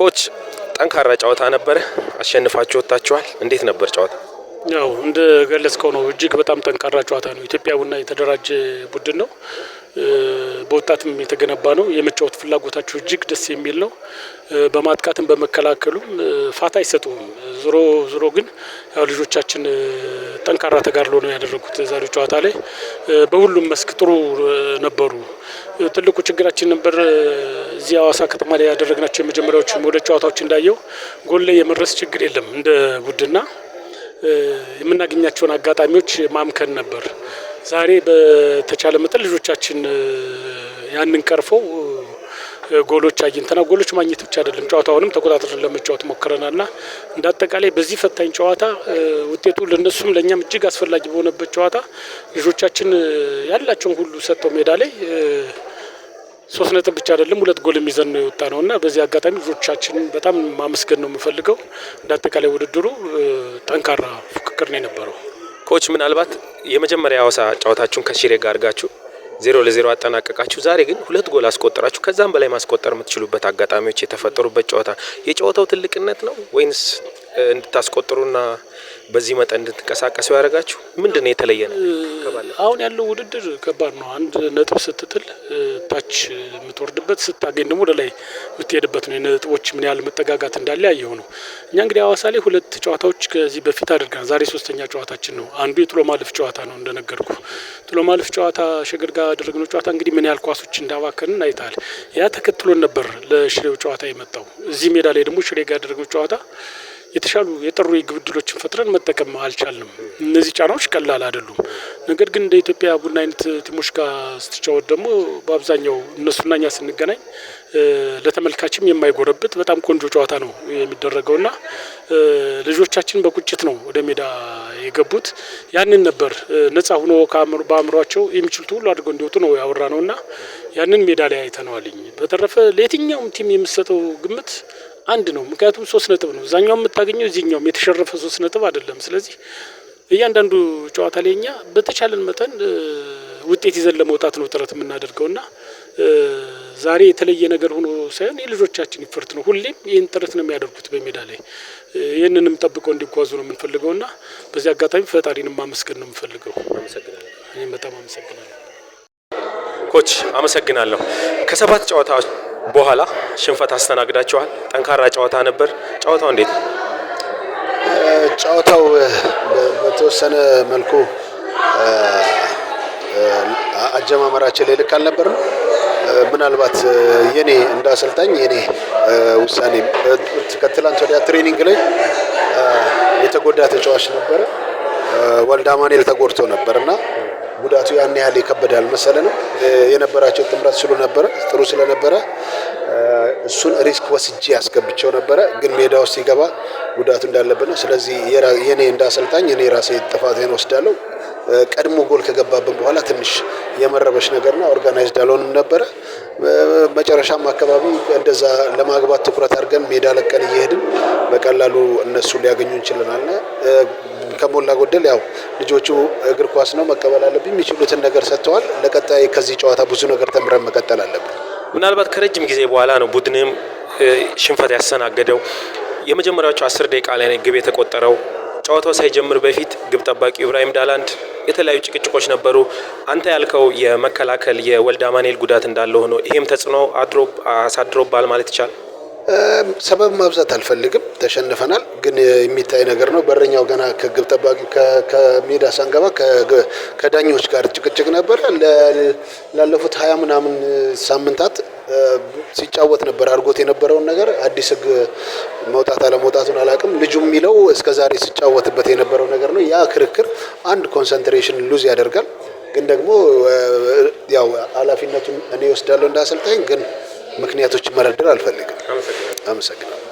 ኮች ጠንካራ ጨዋታ ነበረ። አሸንፋችሁ ወጥታችኋል። እንዴት ነበር ጨዋታ? ያው እንደ ገለጽከው ነው። እጅግ በጣም ጠንካራ ጨዋታ ነው። ኢትዮጵያ ቡና የተደራጀ ቡድን ነው። በወጣትም የተገነባ ነው። የመጫወት ፍላጎታቸው እጅግ ደስ የሚል ነው። በማጥቃትም በመከላከሉም ፋታ አይሰጡም። ዞሮ ዞሮ ግን ያው ልጆቻችን ጠንካራ ተጋድሎ ነው ያደረጉት ዛሬ ጨዋታ ላይ። በሁሉም መስክ ጥሩ ነበሩ። ትልቁ ችግራችን ነበር እዚህ ሀዋሳ ከተማ ላይ ያደረግናቸው የመጀመሪያዎች ወደ ጨዋታዎች እንዳየው ጎል ላይ የመድረስ ችግር የለም እንደ ቡድና የምናገኛቸውን አጋጣሚዎች ማምከን ነበር። ዛሬ በተቻለ መጠን ልጆቻችን ያንን ቀርፈው ጎሎች አግኝተናል። ጎሎች ማግኘት ብቻ አይደለም ጨዋታውንም ተቆጣጥረን ለመጫወት ሞክረናል እና እንደ አጠቃላይ በዚህ ፈታኝ ጨዋታ ውጤቱ ለነሱም ለእኛም እጅግ አስፈላጊ በሆነበት ጨዋታ ልጆቻችን ያላቸውን ሁሉ ሰጥተው ሜዳ ላይ ሶስት ነጥብ ብቻ አይደለም ሁለት ጎል የሚዘን ነው የወጣ ነው እና በዚህ አጋጣሚ ልጆቻችን በጣም ማመስገን ነው የምፈልገው። እንደ አጠቃላይ ውድድሩ ጠንካራ ፉክክር ነው የነበረው። ኮች ምናልባት የመጀመሪያ ሐዋሳ ጨዋታችሁን ከሽሬ ጋር አድርጋችሁ ዜሮ ለዜሮ አጠናቀቃችሁ፣ ዛሬ ግን ሁለት ጎል አስቆጠራችሁ። ከዛም በላይ ማስቆጠር የምትችሉበት አጋጣሚዎች የተፈጠሩበት ጨዋታ የጨዋታው ትልቅነት ነው ወይንስ እንድታስቆጥሩና በዚህ መጠን እንድትንቀሳቀሱ ያደርጋችሁ ምንድን ነው የተለየ ነው? አሁን ያለው ውድድር ከባድ ነው። አንድ ነጥብ ስትጥል ታች የምትወርድበት ስታገኝ ደግሞ ወደ ላይ የምትሄድበት ነው። የነጥቦች ምን ያህል መጠጋጋት እንዳለ ያየው ነው። እኛ እንግዲህ አዋሳ ላይ ሁለት ጨዋታዎች ከዚህ በፊት አድርገናል። ዛሬ ሶስተኛ ጨዋታችን ነው። አንዱ የጥሎ ማለፍ ጨዋታ ነው። እንደነገርኩ ጥሎ ማለፍ ጨዋታ ሸገር ጋር ያደረግነው ጨዋታ እንግዲህ ምን ያህል ኳሶች እንዳባከንን አይተሃል። ያ ተከትሎን ነበር ለሽሬው ጨዋታ የመጣው። እዚህ ሜዳ ላይ ደግሞ ሽሬ ጋር ያደረግነው ጨዋታ የተሻሉ የጠሩ የግብ ዕድሎችን ፈጥረን መጠቀም አልቻልንም። እነዚህ ጫናዎች ቀላል አይደሉም። ነገር ግን እንደ ኢትዮጵያ ቡና አይነት ቲሞች ጋር ስትጫወት ደግሞ በአብዛኛው እነሱና እኛ ስንገናኝ ለተመልካችም የማይጎረብት በጣም ቆንጆ ጨዋታ ነው የሚደረገው እና ልጆቻችን በቁጭት ነው ወደ ሜዳ የገቡት። ያንን ነበር ነጻ ሁኖ በአእምሯቸው የሚችሉት ሁሉ አድርገው እንዲወጡ ነው ያወራ ነውና ያንን ሜዳ ላይ አይተነዋልኝ። በተረፈ ለየትኛውም ቲም የምሰጠው ግምት አንድ ነው። ምክንያቱም ሶስት ነጥብ ነው እዛኛው የምታገኘው እዚህኛውም የተሸረፈ ሶስት ነጥብ አይደለም። ስለዚህ እያንዳንዱ ጨዋታ ላይ እኛ በተቻለን መጠን ውጤት ይዘን ለመውጣት ነው ጥረት የምናደርገው እና ዛሬ የተለየ ነገር ሆኖ ሳይሆን የልጆቻችን ይፈርት ነው። ሁሌም ይህን ጥረት ነው የሚያደርጉት በሜዳ ላይ ይህንንም ጠብቀው እንዲጓዙ ነው የምንፈልገው እና በዚህ አጋጣሚ ፈጣሪን ማመስገን ነው የምንፈልገው። በጣም አመሰግናለሁ ኮች፣ አመሰግናለሁ ከሰባት ጨዋታዎች በኋላ ሽንፈት አስተናግዳችኋል። ጠንካራ ጨዋታ ነበር። ጨዋታው እንዴት ነው? ጨዋታው በተወሰነ መልኩ አጀማመራችን ላይ ልክ አልነበርም። ምናልባት የኔ እንደ አሰልጣኝ የኔ ውሳኔ ከትላንት ወዲያ ትሬኒንግ ላይ የተጎዳ ተጫዋች ነበረ ወልድ አማኔል ተጎድቶ ነበር እና ጉዳቱ ያን ያህል የከበደ አልመሰለንም። የነበራቸው ጥምረት ስለነበረ ጥሩ ስለነበረ እሱን ሪስክ ወስጄ ያስገብቸው ነበረ። ግን ሜዳ ውስጥ ሲገባ ጉዳቱ እንዳለበት ነው። ስለዚህ የኔ እንዳሰልጣኝ እኔ ራሴ ጥፋቴን ወስዳለሁ። ቀድሞ ጎል ከገባብን በኋላ ትንሽ የመረበሽ ነው። ኦርጋናይዝድ አልሆንም ነበረ። መጨረሻም አካባቢ እንደዛ ለማግባት ትኩረት አድርገን ሜዳ ለቀን እየሄድን በቀላሉ እነሱ ሊያገኙ እንችለናል። ከሞላ ጎደል ያው ልጆቹ እግር ኳስ ነው መቀበል አለብኝ። የሚችሉትን ነገር ሰጥተዋል። ለቀጣይ ከዚህ ጨዋታ ብዙ ነገር ተምረን መቀጠል አለብን። ምናልባት ከረጅም ጊዜ በኋላ ነው ቡድንም ሽንፈት ያስተናገደው። የመጀመሪያዎቹ አስር ደቂቃ ላይ ግብ የተቆጠረው ጨዋታው ሳይጀምር በፊት ግብ ጠባቂ ኢብራሂም ዳላንድ የተለያዩ ጭቅጭቆች ነበሩ። አንተ ያልከው የመከላከል የወልድ አማኑኤል ጉዳት እንዳለ ሆኖ ይሄም ተጽዕኖ አሳድሮባል ማለት ይቻላል። ሰበብ ማብዛት አልፈልግም። ተሸንፈናል። ግን የሚታይ ነገር ነው። በረኛው ገና ከግብ ጠባቂ ከሜዳ ሳንገባ ከዳኞች ጋር ጭቅጭቅ ነበረ። ላለፉት ሀያ ምናምን ሳምንታት ሲጫወት ነበር አድርጎት የነበረውን ነገር አዲስ ህግ መውጣት አለመውጣቱን አላውቅም። ልጁ የሚለው እስከ ዛሬ ሲጫወትበት የነበረው ነገር ነው። ያ ክርክር አንድ ኮንሰንትሬሽን ሉዝ ያደርጋል። ግን ደግሞ ያው ኃላፊነቱን እኔ ወስዳለሁ እንዳሰልጣኝ። ግን ምክንያቶች መረድር አልፈልግም። አመሰግናለሁ።